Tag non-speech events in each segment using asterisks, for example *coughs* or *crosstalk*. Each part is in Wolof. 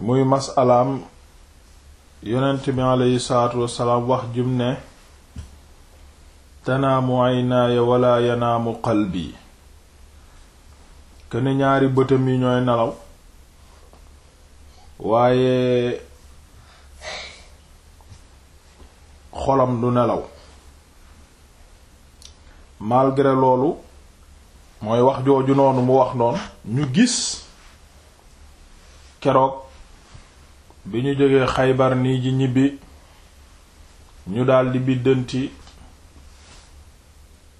muy masalaam yonent bi aleyhi salaatu wassalaam wax jum ne tanaamu aynaaya wala yanaamu qalbi kene ñaari bëtam yi ñooy nelaw waaye xolam du nelaw malgré loolu mooy wax jooju noonu mu wax noonu ñu gis keroog bi ñu jógee xaybar nii ji ñibbi ñu daldi biddanti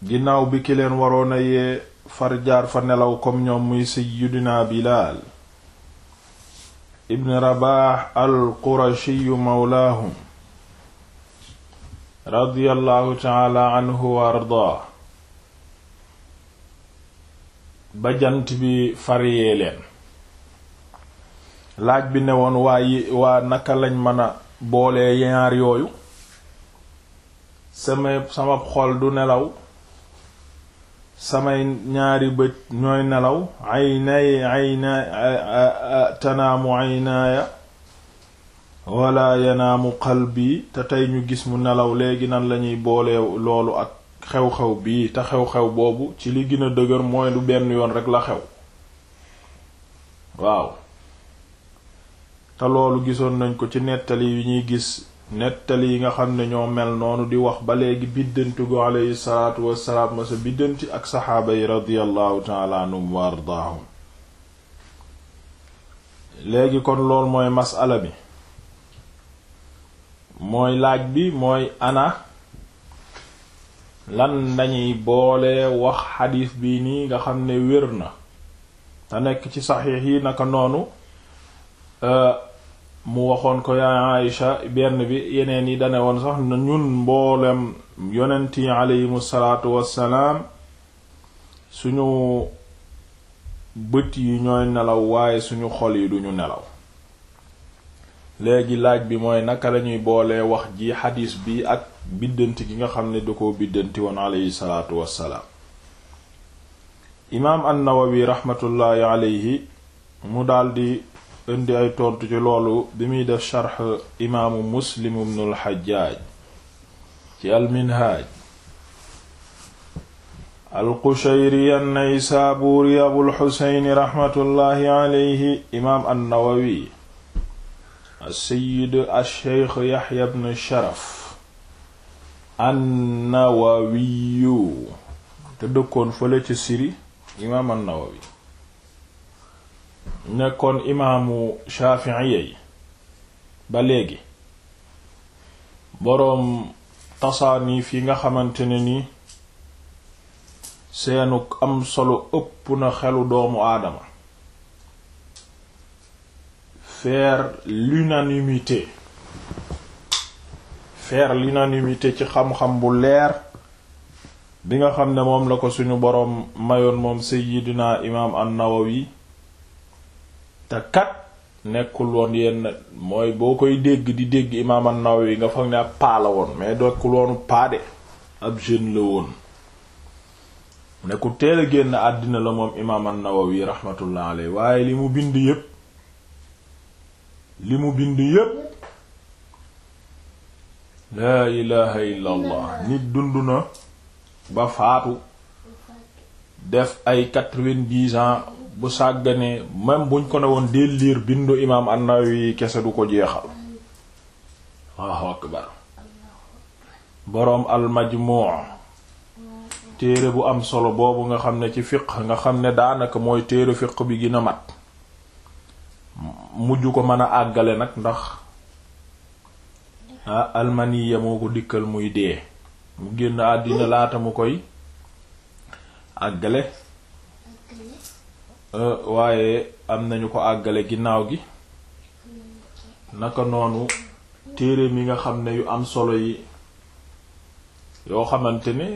ginnaaw bi ki leen waroon a yee far jaar fa nelaw comme ñoom muy sayyidina bilaal ibn rabaax al qurashiyu mawlaahum radiyallahu taala anhu wa ardaa ba jant bi far yee leen laaj bi ne woon waa yi waa naka lañ mën a boolee yaar yooyu sama sama xol du nelaw samay ñaari bët ñooy nelaw aynay ayna tanaamu aynaaya wala yanaamu qalbi te tey ñu gis mu nelaw léegi nan lañuy boolee loolu ak xew-xew bii te xew-xew boobu ci li gëna a dëgër mooy du benn yoon rek la xew waaw te loolu gisoon nañ ko ci nettali yu ñuy gis nettali yi nga xam ne ñoo mel noonu di wax ba léegi biddantu gu aleyhi salaatu wassalaam ma sa biddanti ak saxaaba yi radiyallahu taala anhum léegi kon lool mooy masala bi mooy laaj bi mooy ana lan lañuy boole wax xadiis bi nii nga xam ne wér na te nekk ci saxiix yi naka noonu euh, mu waxoon ko yaa Aïcha benn bi yeneen yi dane woon sax na ñun mboolem yonent yi aleyhimu salaatu wassalaam suñu bët yi ñooy nelaw waaye suñu xol yi duñu nelaw léegi laaj bi mooy naka lañuy boole wax ji xadiis bi ak biddanti gi nga xam ne du ko biddanti woon aleyhi salaatu wassalaam imaam an-Nawawi raxmatullaahi aleyhi mu daldi indi ay tontu ci loolu bi def sharx imaamu muslim ibnul xajjaaj ci alminhaaj alqushayri an-naysaabuuri abul xuseyni raxmatullaahi aleyhi imaam annawawi assayid asheykh yaxya bnu sharaf annawawiyu te dëkkoon fële ci siri imaam annawawi nekkoon imaamu Shaafi'i yi ba léegi boroom tasaaniif yi nga xamante ne ni seenu am solo ëpp na xelu doomu aadama faire l'unanimité faire l'unanimité ci xam-xam bu leer bi nga xam ne moom la ko sunu boroom mayoon moom dina imaam an-Nawawi te kat nekkul woon yenn mooy boo koy dégg di dégg imaam an-Nawawi nga foog ne ab paa woon mais dokkul woonu paa ab jeune la woon ne ku teel a génn àddina la moom imaam nawawi rahmatullah waaye li mu bind yépp li mu bind yépp laa ilaha illa nit dund na ba faatu def ay quatre-vingt-dix ans bu sàgganee même buñ ko ne woon dee liir bindu imaam an kese du ko jeexal boroom al-Majmuu téere bu am solo boobu nga xam ne ci fiq nga xam ne daanaka mooy téere fiqh bi gën a mat mujj ko mën a àggale nag ndax ah almaniya moo ko dikkal muy dee mu génn àddina laata mu koy àggale Euh, waaye am nañu ko àggale ginnaaw gi naka noonu téere mi nga xam ne yu am solo yi yoo xamante ne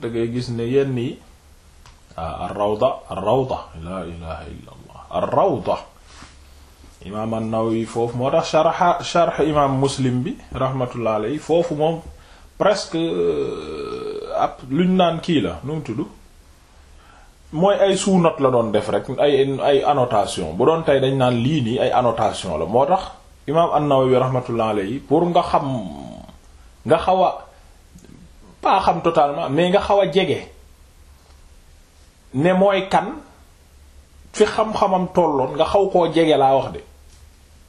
da gis ne yenn yi ah ar-rawda ar-rawda laa ilaha illa allah rawda imaam an-Nawawi foofu moo tax sharha sharh imaam muslim bi rahmatullah alayhi foofu moom presque euh, ab luñ naan kii la nu mu tudd mooy ay sous-note la doon def rek ay ay annotation bu doon tey dañ naan lii nii ay anotation la moo tax imaam an-Nawawi rahmatullah alayhi pour nga xam nga xaw a pas xam totalement mais nga xaw a jege ne mooy kan fi xam-xamam tolloon nga xaw koo jege laa wax de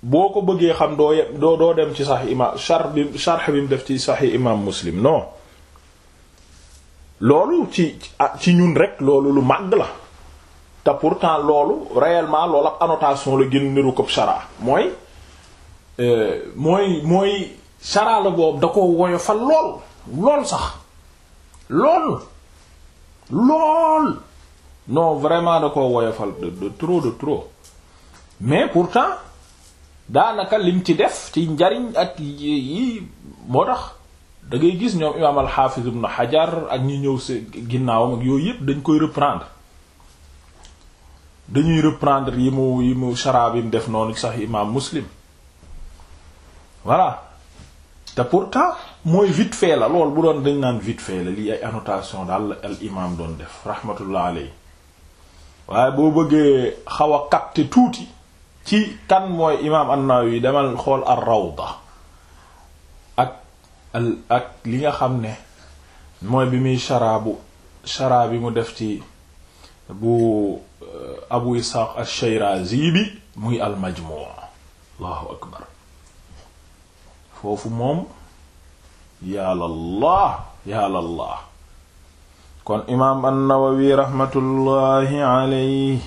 boo ko bëggee xam doo doo doo dem ci sax imaam sharh bi sharh bi mu def ci sax imaam Muslim non loolu ci ah, ci ñun rek loolu lu màgg la te pourtant loolu réellement loolu ab annotation la gën niru ko chara mooy euh, mooy mooy chara la boobu da ko woyofal lool lool sax lool lool non vraiment da ko woyofal de de trop de trop mais pourtant daanaka lim ci def ci njariñ ak yi boo tax da ngay gis ñoom imaam al-Hafiz ibn Hajar ak ñu ñëw si ginnaawam ak yooyu yëpp dañ koy reprendre dañuy reprendre yi mu yi mu sharaab mu def noonu sax imaam Muslim voilà te pourtant mooy vite fait la lool bu doon dañ naan vite fait la lii ay annotation daal al imaam doon def rahmatullah alayhi waaye boo bëggee xaw a capter tuuti ci kan mooy imaam an-Nawawi demal xool ar-Rawda al ak xam ne mooy bi muy sharaabu sharaa bi mu def ci bu uh, abu isxaaq ash-shayrazi muy al majmu' allahu akbar foofu moom yàllallah yàllallah kon imaam an-nawawi raxmatullahi alayhi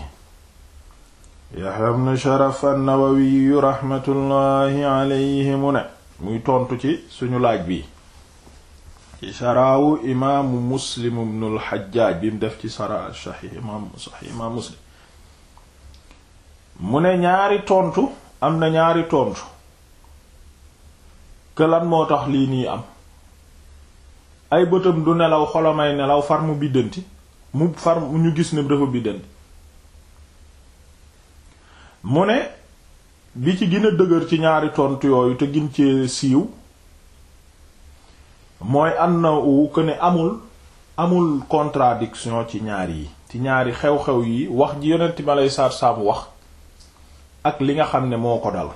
yaxya ibn sharaf an-nawawi raxmatullahi alayhi mu ne muy tontu ci suñu laaj bi ci saraawu imaamu muslim ibnul xajjaaj bi mu def ci saraa saxiix imaam muslim mu ne ñaari tontu am na ñaari tontu këlan moo tax lii nii am ay bëtam du nelaw xolamay nelaw far mu biddanti mu far mu ñu gis ne dafa biddanti mu ne bi ci gën dëgër ci ñaari tontu yooyu te gin cee siiw mooy am na wu que ne amul amul contradiction ci ñaar yi ci ñaari xew-xew yi wax ji yonent ma lay saar saamu wax ak li nga xam ne moo ko dal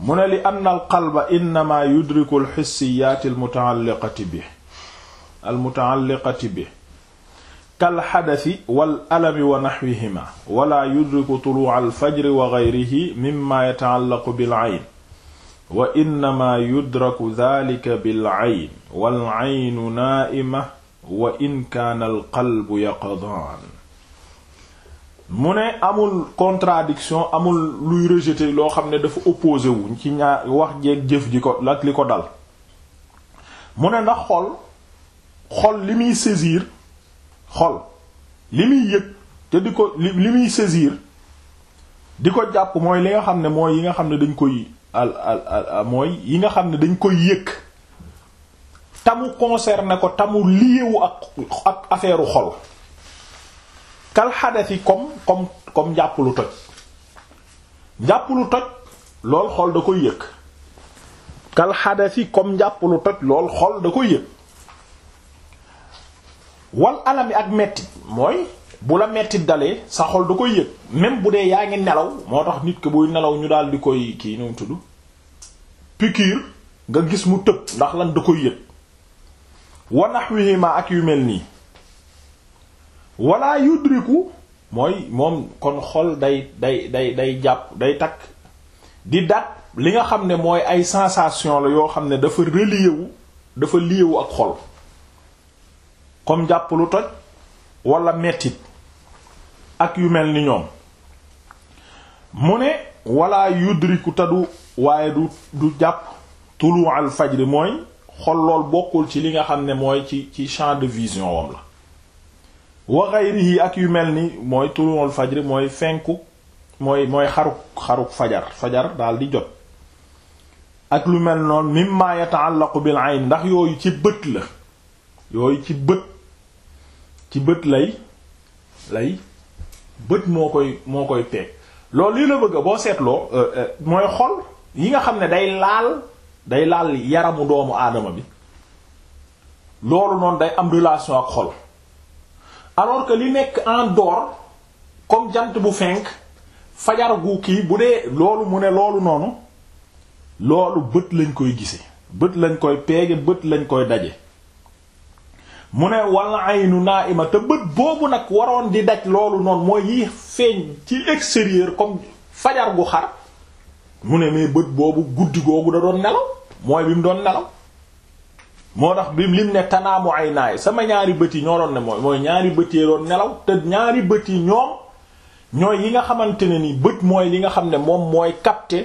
mu ne li ann al qalba innama yudriku al xissiyaati al mutaalliqati bi bi kal xadasi wal alami wa naxwihima wala yudriku tuluu alfajri wa geyrihi mimma yataallaqu bil ayn wa innama yudraku al qalbu yaqdaan amul contradiction amul luy loo xam ne dafa opposé wuñ ci ñaar wax jeeg jëf ji dal mu ne ndax xol li muy saisir xol li muy yëg te di ko li muy saisir di ko jàpp mooy li nga xam ne mooy yi nga xam ne dañ koy al al al yi nga xam ne dañ koy yëg tamu concerné ko tamu liewu ak ak affaire xol kal xadas yi comme comme comme njàpp lu toj njàpp lu toj lool xol da koy yëg kal xadas comme njàpp lu toj lool xol da koy yëg wal alami ak mettit mooy bu la mettit dalee sa xol du koy yëg même bu dee yaa ngi nelaw moo tax nit ki buy nelaw ñu daal di koy kii ñu tudd piqûre nga gis mu tëb ndax lan du koy yëg wanax wihima ak yu mel nii yu yudriku mooy moom kon xol day day day day jàpp day takk di dat li nga xam ne mooy ay sensation la yoo xam ne dafa relier dafa lié ak xol comme jàpp lu toj wala mettit ak yu mel ni ñoom mu ne wala yudriku te waaye du du jàpp tulu faj fajri mooy xol lool bokkul ci li nga xam ne mooy ci ci de vision wam la wa ghayrihi ak yu mel ni mooy tulu al fajri mooy fenku mooy mooy xaruk xaruk fajar fajar daal di jot ak lu mel noonu mimma yata'allaqu bil ayn ndax yooyu ci bët la yooyu ci bët ci bët lay lay bët moo koy moo koy peeg loolu lii la bëgg boo seetloo euh, euh, mooy xol yi nga xam ne day laal day laal yaramu doomu aadama bi loolu noonu day am relation ak xol alors que li nekk en dehors comme jant bu fenk fajar gu kii bu dee loolu mu ne loolu noonu loolu bët lañ koy gise bët lañ koy peege bët lañ koy daje mu ne wal aynu naa'ima te bët boobu nag waroon di daj loolu noonu mooy yi feeñ ci extérieur comme fajar gu xar mu ne mais bët boobu guddi googu da doon nelaw mooy bi mu doon nelaw moo tax bi lim ne tanaamu ay naay sama ñaari bët yi ñoo doon ne mooy ñaari bët yi doon nelaw te ñaari bët yi ñoom ñooy yi nga xamante ne ni bët mooy li nga xam ne moom mooy capter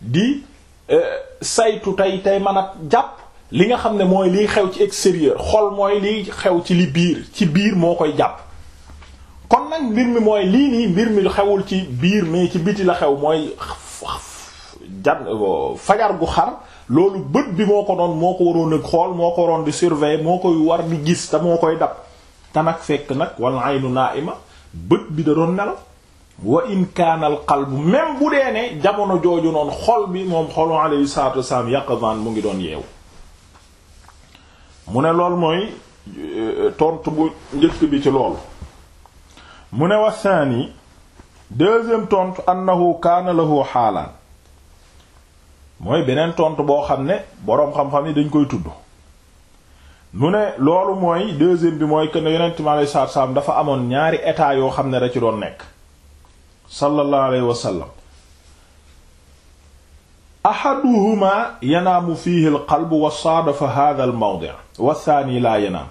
di euh, saytu tey tey mën a jàpp li nga xam ne mooy liy xew ci extérieur xol mooy liy xew ci li biir ci biir moo koy jàpp kon nag mbir mi mooy lii nii mbir mi xewul ci biir mais ci biti la xew mooy jan fajar gu xam loolu bët bi moo ko doon moo ko waroon a xool moo ko waroon di surveiller moo koy war di gis te moo koy dab te nag fekk nag wala aynu naa'ima bët bi da doon nelaw wa in kaana al qalbu bu dee ne jamono jooju noonu xol bi moom xolu alayhi salaatu wasalaam yaqdan mu ngi doon yeew mu ne loolu mooy euh, tontu bu njëkk bi ci loolu mu ne wa saani deuxième tontu annahu kaana lahu xaalaan mooy beneen tontu boo xam ne boroom xam-xam yi dañ koy tudd mu ne loolu mooy deuxième bi mooy que ne yonent mi alayhi dafa amoon ñaari état yoo xam ne da ci doon nekk sallallahu alayhi ahaduhuma yanaamu fiihi alqalbu wa saadafa hadha al mawdi' wa thani yanaam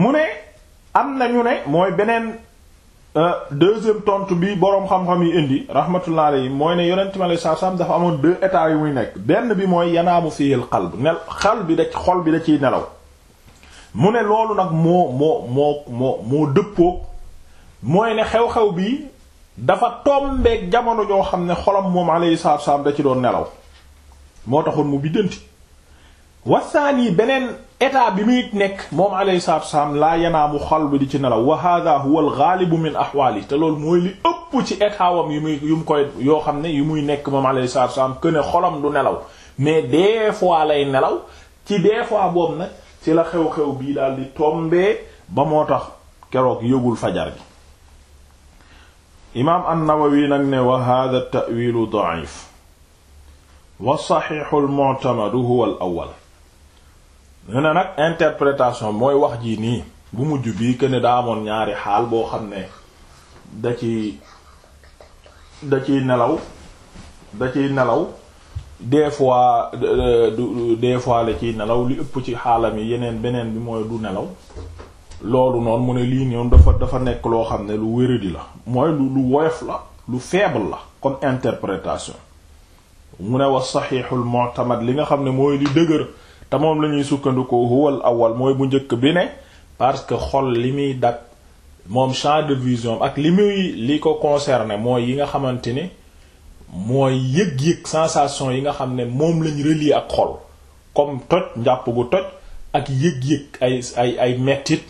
mu ne am nañu ne mooy beneen euh, deuxième tontu bi boroom xam-xam yi indi rahmatullah alayhi mooy ne yonent mi alayhi salaatu dafa amoon deux états yu muy nekk benn bi mooy yanaamu fiihi alqalb nel bi da xol bi da ciy nelaw mu ne loolu nag moo moo moo moo moo dëppoog mooy ne xew-xew bii dafa tombeeg jamono joo xam ne xolam moom alayhi salaatu wassalaam da ci doon nelaw moo taxoon mu biddanti wasaan yi beneen état bi muy nekk moom alayhi salaatu wassalaam laa yanaamu xal bi di ci nelaw wa hadha huwa al-ghaalibu min ahwaali te loolu mooy li ëpp ci état wam muy yu mu koy yoo xam ne yu muy nekk moom alayhi salaatu wassalaam que xolam du nelaw mais des fois lay nelaw ci des fois boobu ci la xew-xew bii daal di tombee ba moo tax keroog yëgul fajar gi imaam annawa nawawi nag ne wa hada tawilu da'if wa saxiixu al-mu'tamadu huwa al-awwal ne na nag mooy wax ji nii bu mujj bii que ne daa amoon ñaari xaal boo xam ne da ci da ciy nelaw da ciy nelaw des fois euh, du fois la ciy nelaw li ëpp ci xaalam yi yeneen beneen bi mooy du nelaw loolu noonu mu ne lii ñoom dafa dafa nekk loo xam ne lu wéradi la mooy lu lu woyof la lu faible la comme interprétation mu ne wa saxiixul mu'tamad li nga xam ne mooy li dëgër te moom la ñuy sukkandikoo awal mooy bu njëkk bi ne parce que xol li muy dak moom champ de vision ak li muy ko concerné mooy yi nga xamante ni mooy yëg-yëg sansation yi nga xam ne moom lañu relier ak xol comme toj njàpp gu toj ak yëg-yëg ay ay ay mettit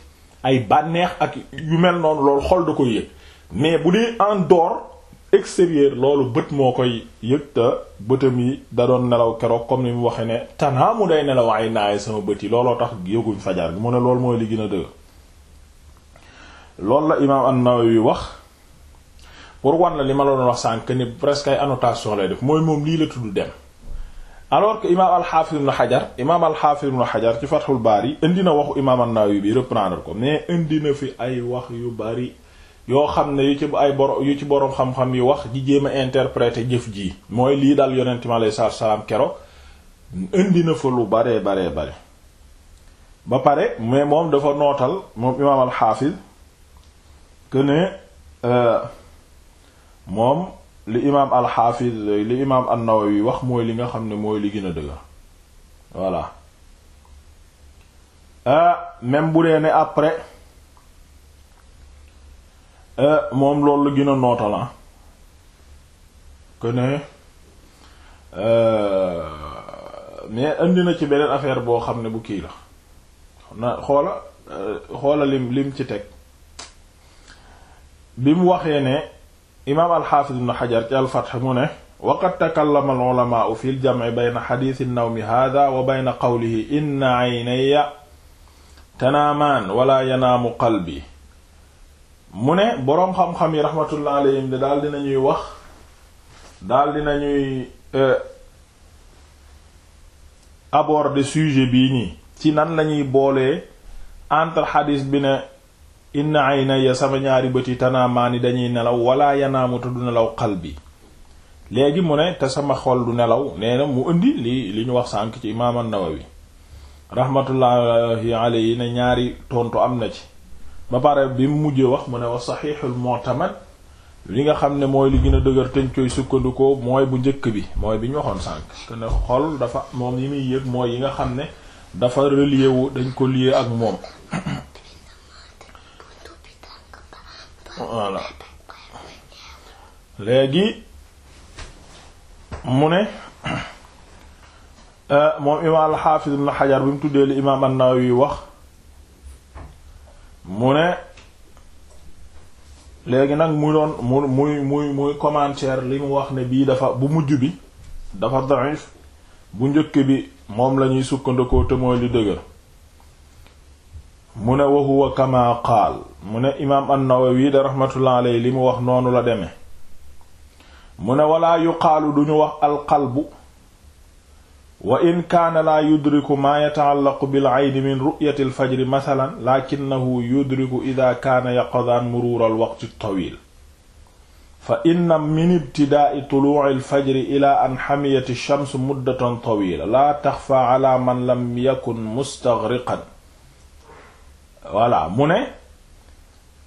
ay bànneex ak yu mel noonu loolu xol da koy yëg mais bu dee en dehors extérieur loolu bët moo koy yëg te bëtam yi da doon nelaw keroog comme ni mu waxee ne tanaa mu day nelaw ay naaye sama bët yi looloo tax yëguñ fajar gi mu ne loolu mooy li gën a dëgg loolu la imaam an wax pour wan na li ma la doon wax sànq ni presque ay annotation lay def mooy moom lii la tudd dem alors que imaam al-Hafiz ibn Hajar imaam al-Hafiz ibn Hajar ci Fathul Bari indi na waxu imaam an-Nawawi bi reprendre ko mais indi na fi ay wax yu bari yoo xam ne yu ci ay boro yu ci boroom xam-xam yi wax di jéem a interpréter jëf ji mooy lii daal yonent mi alayhi salaatu salaam kero indi na fa lu baree baree bare ba pare mais moom dafa nootal moom imaam al-Hafiz que ne euh, moom. li imaam alxaafiz li imaam an-Nawawi wax mooy li nga xam ne mooy li gën a dëgër voilà euh, même bu dee ne après euh, moom loolu la gën a nootala que ne euh, mais indi na ci beneen affaire boo xam ne bu kii la na xoola xoola lim lim ci teg bi mu waxee ne imaam alxaafiz ibn xajar ci alfath mu ne waqad takallama al ulamaau fi l jamci bayna xadiisi nawmi hada wala yanaamu qalbi mu ne boroom xam-xam yi rahmatullah alayhim de daal dinañuy wax daal dinañuy euh, aborder sujet bii nii ci nan lañuy boolee entre xadiis bi ne inna aynaya sama ñaari bët yi tanaamaani dañuy nelaw wala yanaamuta du nelaw xal bi léegi mu ne te sama xol du nelaw nee na mu indi li li ñu wax sànk ci imaam an-Nawawi rahmatullahi yi ne ñaari tontu am na ci ba pare bi mu mujjee wax mu ne wa saxiixul mu'tamad li nga xam ne mooy li gën a dëgër teñ sukkandikoo mooy bu njëkk bi mooy bi ñu waxoon sànk te ne xol dafa moom yi muy yëg mooy yi nga xam ne dafa relier wu dañ ko lier ak moom voilà léegi mu ne euh, moom imaam alxaafiz ibn xajar bi mu tuddee li imaam an-Nawawi wax mu ne léegi nag muy doon mu muy muy muy commentaire li mu wax ne bii dafa bu mujj bi dafa da'if bu njëkk bi moom lañuy sukkandikoo te mooy li dëgër mu ne wa huwa kama qaal mu ne imaam an-Nawawi da rahmatullah alayhi li mu wax noonu la demee mu ne walaa yuqaalu duñu wax alqalbu wa in kaana laa yudriku maa yataallaqu bil ayni min ru'yati alfajri mathalan lakinnahu yudriku ida kaana yaqdaan muruur alwaqti tawil fa inna min ibtidaa'i tuluu'i alfajri ila an xamiyat ash-shams muddatan tawila laa taxfa ala man lam yakun mustaghriqan voilà mu ne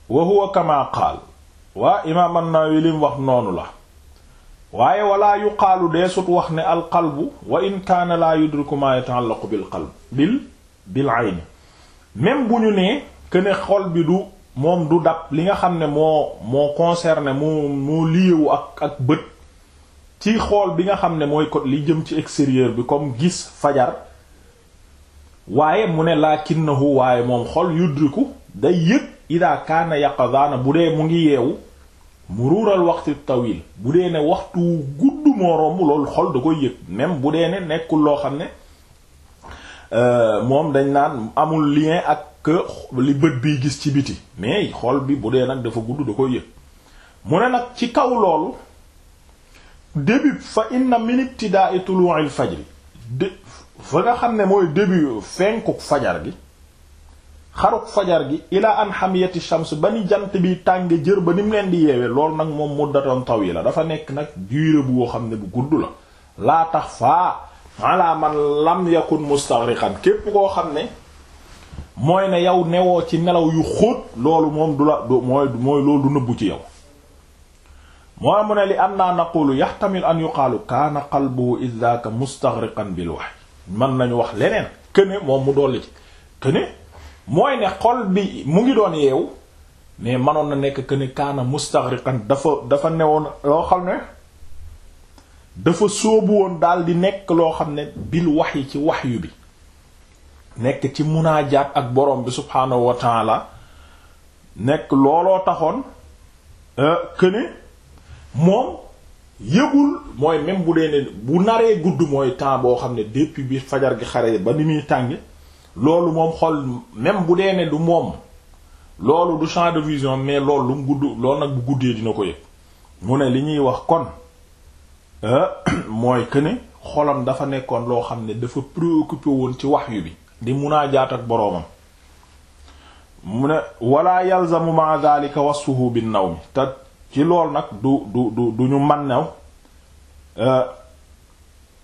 wa huwa kama qaal waa imaam an lim wax noonu la waaye walaa yuqaalu deesut wax ne alqalbu wa in kaana laa yudriku ma yata'allaqu bil qalb bil bil ayni même bu ñu nee que ne xol bi du moom du dab li nga xam ne moo moo concerné moo moo liéwu ak ak bët ci xool bi nga xam ne mooy ko li jëm ci extérieur bi comme gis fajar waaye mu ne laa lakinnahu waaye moom xol yudriku day yëg ida kaana yaqadaana bu dee mu ngi yeewu muruural waxtu tawil bu dee ne waxtu gudd moo romb loolu xol da koy yëg même bu dee ne nekkul loo xam ne euh, moom dañ naan amul lien ak li bët biy gis ci biti mais xol bi bu dee nag dafa gudd da koy yëg mu ne nag ci kaw loolu début fa inna min ibtida'i tulu'il fajri fa nga xam ne mooy début fenkuk fajar gi xaruk fajar gi ila an hamiyati shams ba ni jant bi tàng jër ba ni leen di yeewee lool nag moom muddatoon taw yi la dafa nekk nag durée bu woo xam ne bu gudd la laa tax faa ala man lam yakun mustaghriqan képp koo xam ne mooy ne yow newoo ci nelaw yu xóot loolu moom du la mooy mooy du nëbbu ci yow moo mu ne li am naa naqulu yaxtamil an yuqaalu kaana qalbuhu idaka mustaghriqan bil wahyi man nañu wax leneen que moom mu dolli ci que mooy ne xol bi mu ngi doon yeewu mais manoon na nekk que ne kaana mustaghriqan dafa dafa newoon loo xam ne dafa sóobu woon di nekk loo xam ne bil wax yi ci waxyu bi nekk ci munaajaat ak borom bi subhaanahu wa taala nekk looloo taxoon këne euh, ne moom. yëgul mooy même bu dee ne bu naree gudd mooy temps boo xam ne depuis bi fajar gi xare ba ni muy tànge loolu moom xol même bu dee ne du moom loolu du champ de vision mais loolu lu mu gudd lool nag bu guddee dina ko yëg mu ne li ñuy wax kon euh, *coughs* mooy que ne xolam dafa nekkoon loo xam ne dafa préoccupé woon ci wax wahyu bi di mun munaajaat ak boroomam mu ne wala yalzamu ma dhalika wasfuhu bin nawm ci lool nag du du du du ñu man new euh,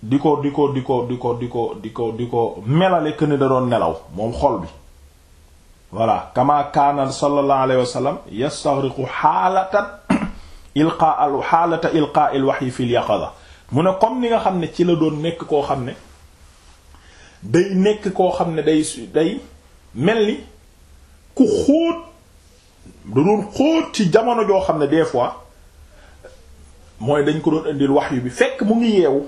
di ko di ko di ko di ko di ko di ko di ko melale que ne da doon nelaw moom xol bi voilà kama kaana sallallahu alayhi wa sallam yastaghriqu xaalata *coughs* ilqa al xaalata ilqa al wahyi fil mu ne comme ni nga xam ne ci la doon nekk koo xam ne day nekk koo xam ne day day mel ni ku xóot da doon xóot ci jamono joo xam ne des fois mooy dañ ko doon indil wax yu bi fekk mu ngi yeewu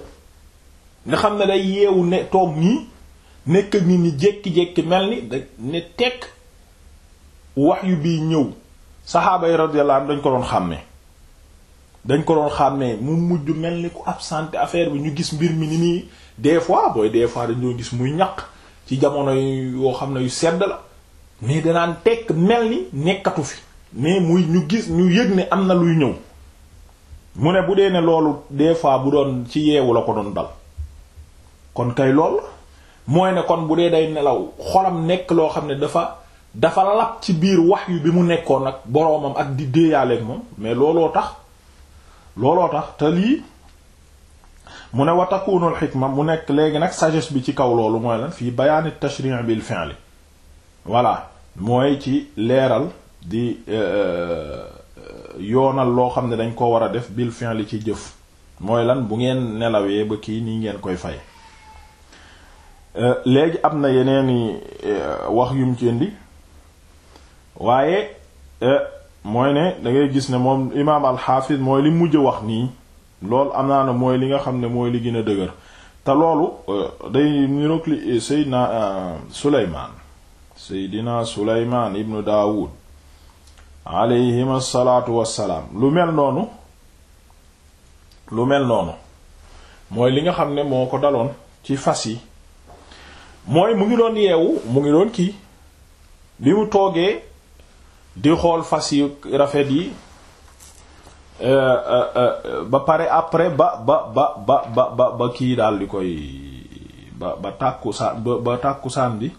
nga xam ne day yeewu ne toog nii nekk nit ni jékki-jékki mel ni da ne tekk wax yu bi ñëw saxaaba yi radiyallahu anhum dañ ko doon xàmmee dañ ko doon xàmmee mu mujj mel ni ku absenté affaire bi ñu gis mbir mi ni nii des fois booy des fois dañ doon gis muy ñaq ci jamono yoo xam ne yu sedd la mais danaan tekk mel ni nekkatu fi mais muy ñu gis ñu yëg ne am na luy ñëw mu ne bu dee ne loolu des fois bu doon ci yeewu la ko doon dal kon kay lool mooy ne kon bu dee day nelaw xolam nekk loo xam ne dafa dafa lap ci biir wax wahyu bi mu nekkoon ak boroomam ak di déeyaaleeg moom mais looloo tax looloo tax te lii mu ne wa takunul xikma mu nekk léegi nag sagesse bi ci kaw loolu mooy lan fii bayaani tashri' bil fi'li voilà mooy ci leeral di euh, euh, yoonal loo xam ne dañ ko war a def bil fin li ci jëf mooy lan bu ngeen nelawee ba kii ni ngeen koy fay euh, léegi am na yeneeni wax yum ci indi waaye mooy ne da gis ne moom imaam alxaafis mooy li mujj wax nii loolu am naa ne mooy li nga xam ne mooy li gën a dëgër te loolu day niroog li Seydina Suleymaan seydina suleymaan ibnu daawud alayhim asalaatu wassalaam lu mel noonu lu mel noonu mooy li nga xam ne moo ko daloon ci fas yi mooy mu ngi doon yeewu mu ngi doon kii bi mu toogee di xool fas yu rafet yi eh, eh, eh, ba pare après ba ba ba ba ba ba kii daal di koy ba ba tàkkusaan ba tàkkusaan bi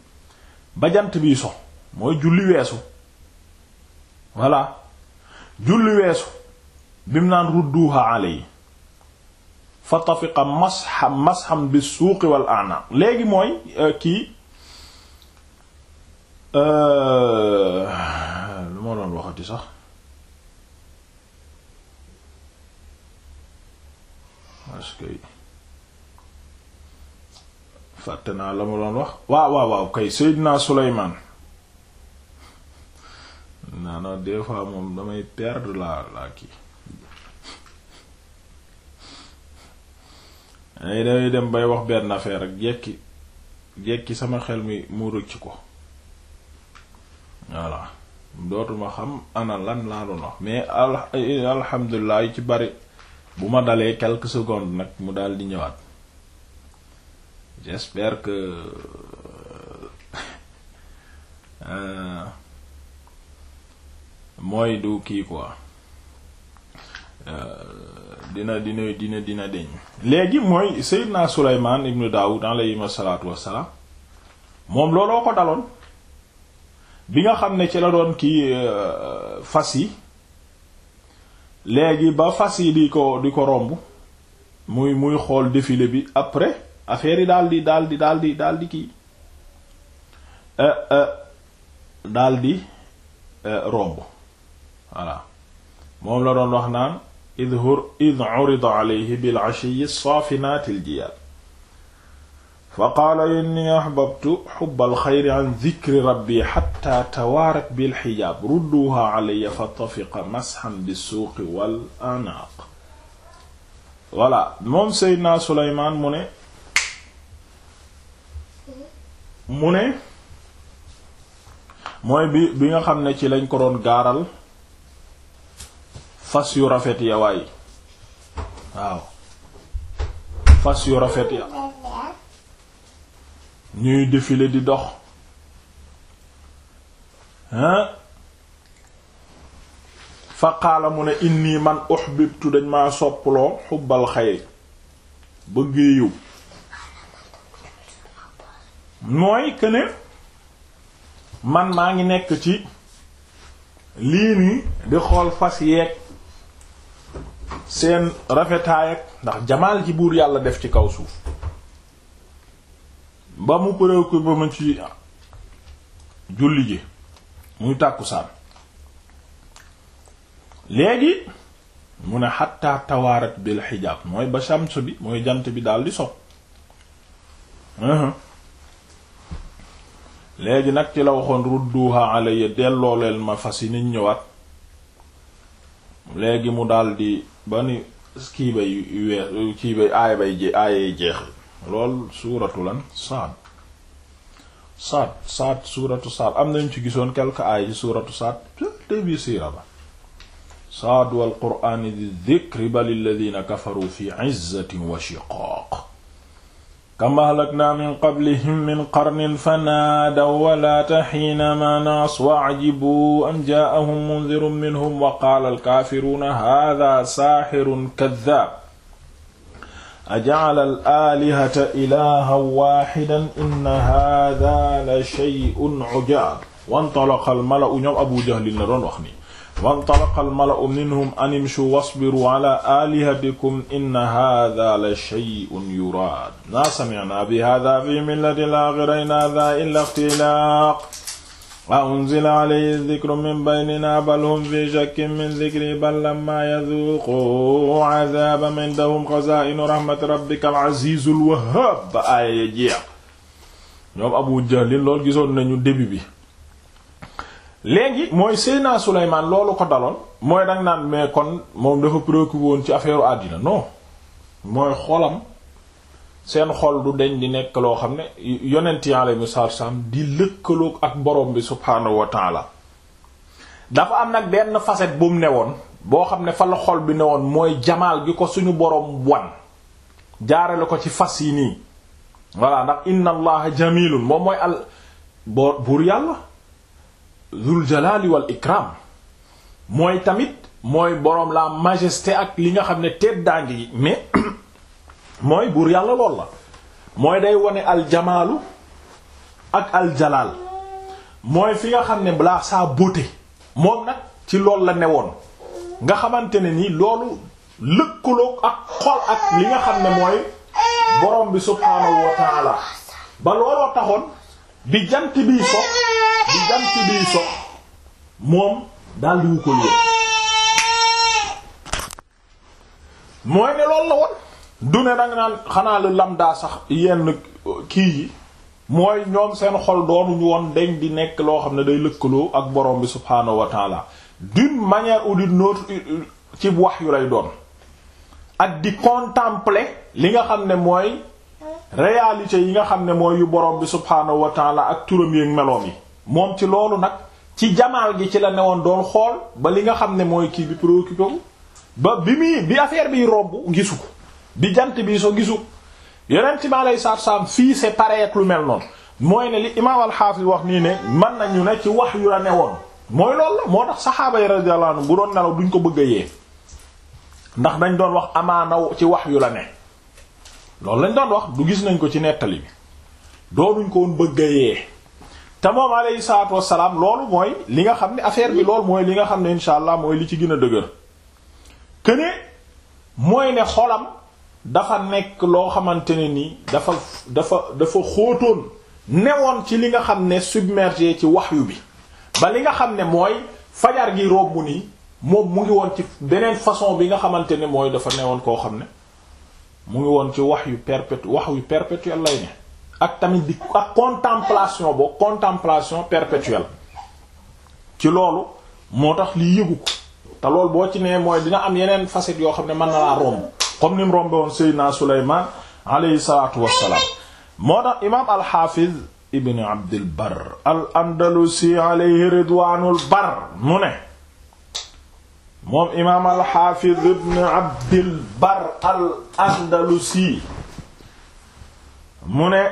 bajant jant so mooy julli weesu voilà julli weesu bi mu naan rudduha alayhi fa tafiqa masxam masxam bi suuqi wal a'naq léegi mooy euh, kii euh, lu ma doon waxati sax fàtte naa la ma doon wax waaw waaw waaw kay Seydina Souleymane naa na des moom damay perdre la la kii damay dem bay wax benn affaire rek jekki jekki sama xel mi mu rëcc ko voilà dootuma xam ana lan laa doon wax mais alhamdulilah yu ci bari bu ma dalee quelques secondes nag mu dal di ñëwaat j'espère que euh, mooy du kii quoi euh, dina dina dina dina deñ léegi mooy Seydina Sulaymaan ibnu Daawud alayhi asalaatu wassalaam moom looloo ko daloon bi nga xam ne ci la doon kii euh, fas yi léegi ba fas yi di ko di ko romb muy muy xool défilé bi après affaire yi daal di daal di daal di daal di kii eh, eh, daal di eh, romb voilà moom la doon wax naan id id urida alayhi bil ashiyi saafinaati al jiyaal fa qaala inni ahbabtu xubba alxayri an dikri rabbi xatta tawaarat bil xijaab rudduha alayya fa tafiqa masxan bissuuqi wal anaaq voilà moom Seydina Suleymaan mu ne mu ne mooy bi bi nga xam ne ci lañ ko doon gaaral fas yu rafet ya waay waaw fas yu rafet ya ñuy défilé di dox hein fa qaala mu ne inni man uxbibtu dañ ma soppaloo xubbal xayri bëgg yiw mooy que man maa ngi nekk ci lii nii di xool fas yeeg seen rafetaay ak ndax jamaal ji buur yàlla def ci kaw suuf ba mu préoccupé ba ma ci julli ji muy tàkkusaan léegi mu ne xatta tawaarat bil xijaab mooy ba shams bi mooy jant bi daal di sob léegi nag ci la waxoon rudduha alayya delloo leen ma fas yi niñ ñëwaat léegi mu daldi ba ni kii bay weer kii bay aaya bay je aayay jeex lool suuratu lan saad saad saad suuratu saad am nañu ci gisoon quelque aaya ci suuratu saad début siira ba saad wal qur'aani di dhikri bal alladhina kafaru fi izzatin wa shiqaaq kam ahlakna min qablihim min qarnin fanaadaw walaata xiina maanaas wa ajibu an jaa'ahum mundirun minhum wa qaala alkaafiruuna haadaa saaxirun kaddaab ajacala alaalihata ilaahan waaxidan inna haadaa la shay'un cujaab wantalaqa almala'u ñoom Abu Jahlin la doon wax ni wantalaqa almalau minhum an imshu wasbiru ala alihatikum inna hada la shay'un yuraad ma sami'na bi hada fi millati al-aaxira in hada illa ixtilaaq a unzila alayhi dikru min baynina bal hum fi shakkin min dikri bal lamma yazuuqu adaaba indahum xazaa'inu rahmati rabbika al-aziizu al-wahhaab aaya ya jeex ñoom Abu Jahl lool gisoon nañu début bi léegi mooy Seyna Souleymane loolu ko daloon mooy dang naan mais kon moom dafa préoccupé woon ci affaire àddina non mooy xolam seen xol du deñ di nekk loo xam ne yonent yi alayhi salaam di lëkkaloo ak borom bi subhaanahu wa taala dafa am nag benn facette bu ne woon boo xam ne fal la xol bi ne woon mooy jamaal gi ko suñu borom wan jaarale ko ci fas yi nii voilà ndax inna allaha jamilun moom mooy al buur yàlla zul jalali wal ikram mooy tamit mooy boroom la majesté ak li nga xam ne teddaange yi mais *coughs* mooy buur yàlla lool la mooy day wone aljamaalu ak aljalaal mooy fi nga xam ne balaa sa beauté moom nag ci lool la ne woon nga xamante ne nii loolu lëkkaloo ak xol ak li nga xam ne mooy boroom bi subhaanahu wa ba looloo taxoon bi jant bi so jant biy so moom daal di wu ko yéen mooy ne la woon du ne naan xanaa la lamda sax yenn kii yi mooy ñoom seen xol doonuñu woon dañ di nekk loo xam ne day lëkkaloo ak borom bi subhaanahu wa taala d'une manière ou d'une autre ci wax yu lay doon ak di contempler li nga xam ne mooy réalité yi nga xam ne mooy yu borom bi subhaanahu ak turam yeeg meloom yi moom ci loolu nag ci jamaal gi ci la newoon doon xool ba li nga xam ne mooy kii bi préoccupé ba bi muy bi affaire biy romb gisu ko bi jant bi so gisu yeneen ci maa lay saat saam fii c'est pareil lu mel noonu mooy ne li imaam al-Hafiz wax nii ne mën nañu ne ci wax yu la newoon mooy loolu la moo tax saxaaba yi radiyallahu bu doon nelaw duñ ko bëgg a yee ndax dañ doon wax amaana ci wax yu la ne loolu lañ doon wax du gis nañ ko ci nettali bi doonuñ ko woon te moom aleyhi salaatu wassalaam loolu mooy li nga xam ne affaire bi loolu mooy li nga xam ne insha allah mooy li ci gën a dëgër këne mooy ne xolam dafa nekk loo xamante ne nii dafa dafa dafa xóotoon newoon ci li nga xam ne submergé ci wax yu bi ba li nga xam ne mooy fajar gi romb nii moom mu ngi woon ci beneen façon bi nga xamante ne mooy dafa newoon koo xam ne mu ngi woon ci waxyu perpétuel waxyu perpétuel lay ne ak tamit di ak contemplation boo contemplation perpétuelle ci loolu moo tax lii yëgu ko te loolu boo ci nee mooy dina am yeneen fasit yoo xam ne mën na laa romb comme ni mu rombe woon Seydina Souleymane alayhi salaatu wassalaam moo tax imaam al-Hafiz ibn Abdul Barr al-Andalusi alayhi ridwaanul Barr mu ne moom imaam al ibn Abdul Barr al-Andalusi mu ne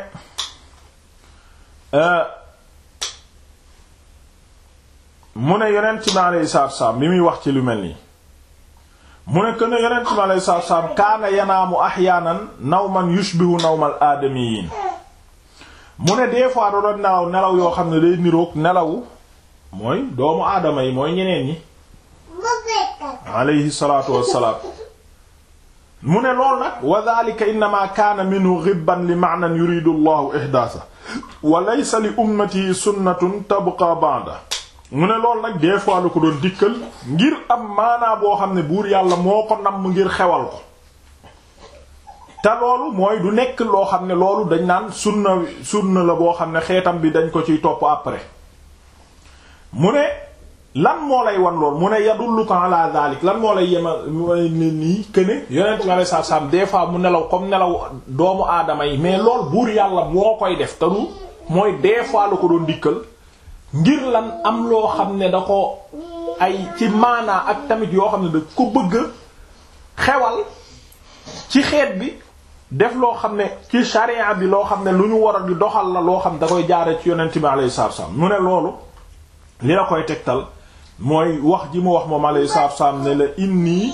euh, mu ne yonent bi alayhi salaatu salaam bi muy wax ci lu mel nii mu ne que ne yonent bi alayhi salaatu salaam kaana yanaamu ahyaanan nawman yushbihu nawmal aadamiyiin mu ne des fois da doon nelaw nelaw yoo xam ne day niroog nelawu mooy doomu aadama yi mooy ñeneen yi alayhi salaatu wassalaam mu ne lool nag wa dhalika innama kaana minhu ghibban li ma'nan yuridu llahu ihdaasa wa laysa li ummati sunnatun tabqa ba'da mu ne lool nag des fois lu ko doon dikkal ngir am maanaa boo xam ne buur yàlla moo ko namm ngir xewal ko te loolu mooy du nekk loo xam ne loolu dañ naan sunna la boo xam ne xeetam bi dañ ko ciy topp après mu ne lan moo lay wan lool mu ne yadulluka ala dalik lan moo lay yema nii këne yonent bi alei satu salaam des fois mu nelaw kom nelaw doomu aadama yi mais loolu buur yàlla moo koy def te mooy des fois la ko doon dikkal ngir lan am loo xam ne da ko ay ci maanaa ak tamit yoo xam ne da ko bëgg xewal ci xeet bi def loo xam ne ci sharia bi loo xam ne lu ñu war di doxal la loo xam da koy jaare ci yonent bi alayhi salaatu wasallam mu ne loolu li la koy tegtal mooy wax ji mu wax moom alayhi salaatu wasalaam ne la inni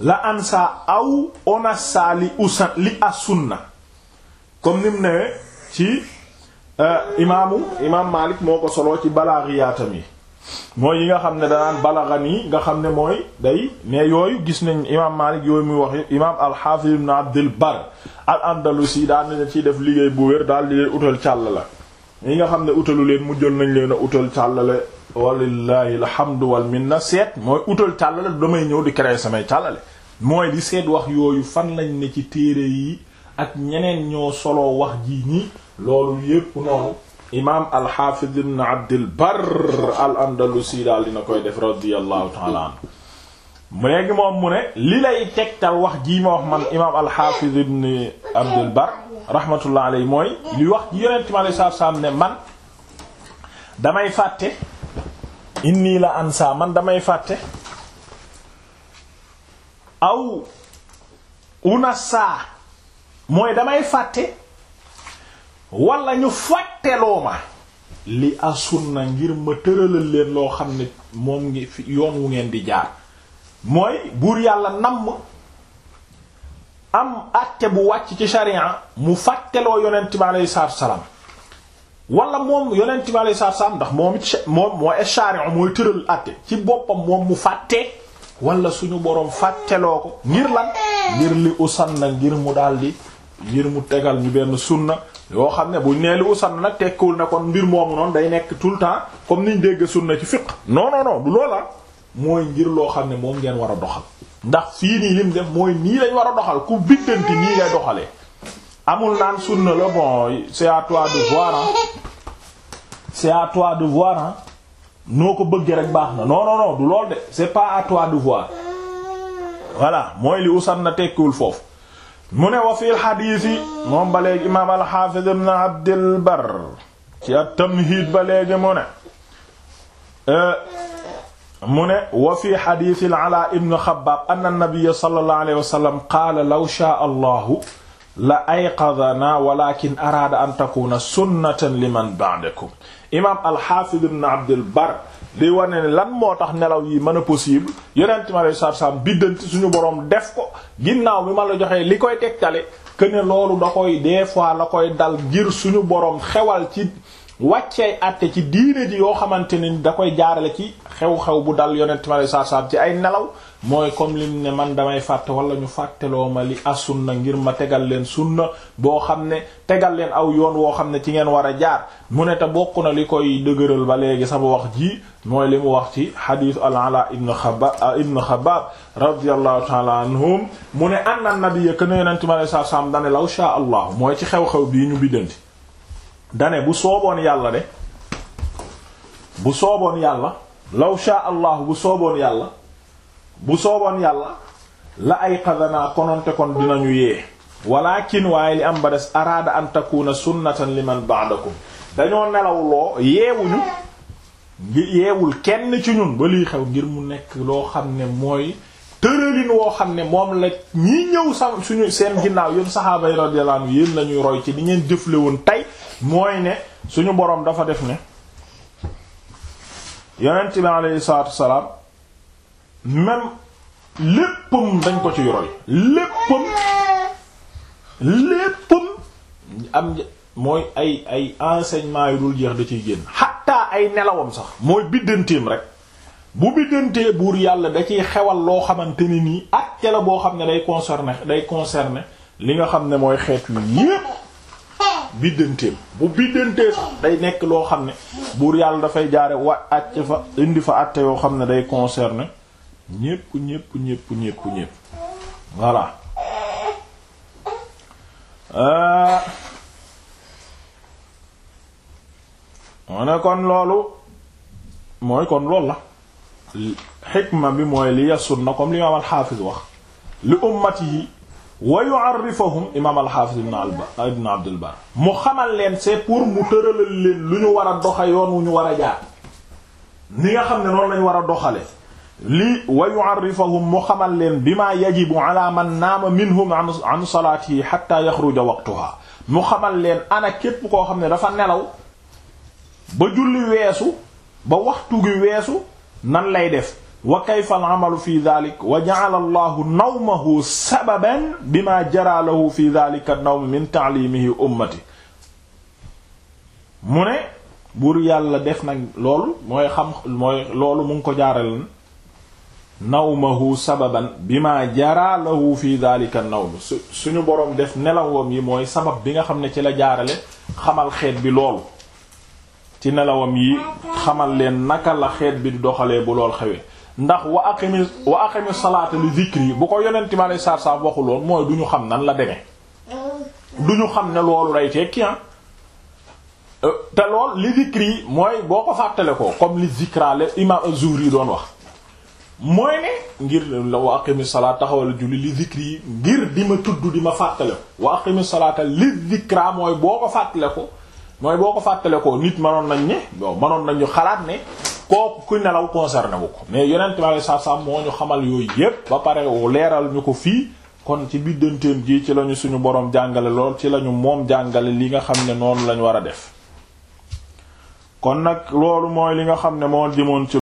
la ansa aw onasa li usan li asunna comme ni mu newee ci euh, imaamu imaam Maalik moo ko soloo ci balaariyaatam yi mooy yi nga xam ne danaan yi nga xam ne mooy day mais yooyu gis nañ imaam Maalik yooyu muy wax imaam al-Hafiz ibn Abdul Barr al-Andalusi daan nañ ciy def liggéey bu wér daal di leen utal càll la yi nga xam ne utalu leen mu jël nañ leen a utal càll la walillahi alhamdu wal minna seet mooy utal càllale damay ñëw di créer samay càllale mooy di seet wax yooyu fan lañ ne ci téere yi ak ñeneen ñoo soloo wax ji nii loolu yépp noonu imaam alxaafiz ibn abdil bar al andalusi daal dina koy def radiallahu taala anhu mu moom mu ne li lay tegtal wax jii ma wax man imaam alxaafiz ibn abdil bar rahmatullah mooy li wax ji yonent mi alei satu salaam ne man damay fàtte inni la ansa man damay fàtte aw unasa mooy damay fàtte wala ñu fàtteloo ma li asunna ngir ma tëralal loo xam ne moom ngi yoon wu ngeen di jaar mooy buur yàlla namm am àtte bu wàcc ci sharia mu fàtteloo yonent bi aleyhi salaatu salaam wala moom yonent bi alei satu salaam ndax moom it moom mooy shari'u mooy tëral àtte ci boppam moom mu fàtte wala suñu boroom fàtteloo ko ngir lan ngir li usan na ngir mu daldi ngir mu tegal ñu benn na yoo xam ne bu nee li usan nag tekkiwul ne kon mbir moom noonu day nekk tout le temps comme niñ dégg na ci fiq non non du loola mooy ngir loo xam ne moom ngeen war a doxal ndax fii nii lim def mooy nii lañ war a doxal ku biddanti nii lay doxalee amul naan sunna la bon c'est à toi de voir noo ko bëggee rek baax na non non non du lool de c'est pas à toi de voir voilà mooy li usan na tekkiwul foofu mu ne wa fil xadiis yi moom ba léegi imaam alxaafiz ibn abdil bar ci at tamhiid ba léegi mu ne eh, mu ne wa fi xadiisil alaa ibn xabaab anna nabiyya sallallahu alayhi wa sallam qaala law shaa la ay ayqadana walakin araada an takuna sunnatan liman ba'dakum imaam alxaafid ibn abdul bar di wane ne lan moo tax nelaw yi mën a possible yonent ma lay sarsam biddanti suñu borom def ko ginnaaw bi ma la joxee li koy tegtale que ne loolu da koy des fois la koy dal ngir suñu borom xewal ci wàccee àtte ci diine ji yoo xamante ni da koy jaarale ci xew-xew bu dal yonent ma lay sarsam ci ay nelaw mooy comme lim ne man damay fàtte wala ñu fàtteloo ma li na ngir ma tegal leen sunna boo xam ne tegal leen aw yoon woo xam ne ci ngeen war a jaar mu ne te bokk na li koy dëgëral ba léegi sama wax ji mooy li wax ci xadiisu al-Alaa ibn Xabaab ah, ibn Xabaab radiyallahu taala anhum mu ne anna nabiyya kana yonente mi alei satu salaam dane law shaa allah mooy ci xew-xew bii ñu biddanti dane bu sooboon yàlla de bu sooboon yàlla law shaa allah bu sooboon yàlla bu sooboon yàlla la ay xasanaa kononte kon dinañu yee walakin waaye li am ba des araada an takuna sunnatan liman ba'dakum dañoo nelaw loo yeewuñu ngi yeewul kenn ci ñun ba liy xew ngir mu nekk loo xam ne mooy tëralin woo xam ne moom la ñi ñëw sa suñu seen ginnaaw yéen saxaaba yi radiyallahu lañuy yéen roy ci ni ngeen jëfle woon tey mooy ne suñu boroom dafa def ne yonent bi alayhi salaatu salaam même léppam dañ ko ci roy léppam léppam am mooy ay ay enseignement yu dul jeex da ciy génn xatta ay nelawam sax mooy biddanteem rek bu biddantee buur yàlla da ciy xewal loo xamante ni nii ak la boo xam ne day concerner day concerner li nga xam ne mooy xeet yu yépp biddanteem bu biddantee sax day nekk loo xam ne buur yàlla dafay jaare wa àcc fa indi fa àtte yoo xam ne day concerner ñépp ñépp ñépp ñépp ñépp voilà euh, moo ne kon loolu mooy kon loolu la xikma bi mooy li yasunna comme li imaam alxaafiz wax li ummatihi wa yu'arrifuhum imaam alxaafiz ibn abdul bar mu xamal leen c'est pour mu tëralal leen lu ñu war a doxa yoon wu ñu war a jaar ni nga xam ne noonu lañu war a doxale li wa yu'arrifuhum mu xamal leen bima yajibu ala man naama minhum an salaatihi hatta mu xamal képp koo xam ne dafa nelaw ba julli weesu ba waxtu gi weesu nan lay def wa kayfa al-amalu fi dhalik wa ja'ala allahu nawmahu sababan bima jara lahu fi dhalika an-nawm min ummati mu ne buur yàlla def nag loolu mooy xam mooy loolu mu ko jaarale nawmahu sababan bima jara lahu fi dhalika nawm su suñu boroom def nelawam yi mooy sabab bi nga xam ne ci la jaarale xamal xeet bi loolu ci nelawam yi xamal leen naka la xeet bi doxalee bu lool xewee ndax wa aqimi wa aqimi salaata li zikri bu ko yonent ma lay saar saar waxuloon mooy du ñu xam nan la demee du ñu xam ne loolu day tekki ah euh, te lool li yi mooy boo ko fàttale ko comme li zikra le imam az-Zuhri doon wax mooy ne ngir la wa aqimi salaat taxawal julli li zikri yi ngir di ma tudd di ma fàttale ko wa aqimi salaata li zikra mooy boo fàttale ko mooy boo ko fàttale ko nit manoon nañ ne bon manoon nañu xalaat ne kooku ku nelaw concerné wu ko mais yonent bi alei moo ñu xamal yooyu yépp ba pare leeral ñu ko fii kon ci biddanteem gi ci lañu suñu boroom jàngale lool ci lañu moom jàngale li nga xam ne noonu lañ war a def kon nag loolu mooy li nga xam ne moo dimoon ci